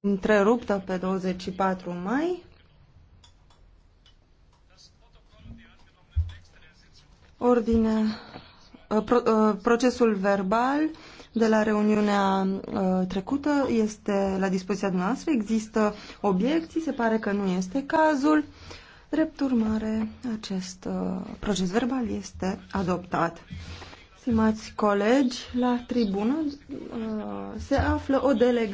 întreruptă pe 24 mai. Ordine, ă, ă, procesul verbal de la reuniunea ă, trecută este la dispoziția dumneavoastră. Există obiecții, se pare că nu este cazul. Drept urmare, acest proces verbal este adoptat. Stimați colegi, la tribună se află o delegație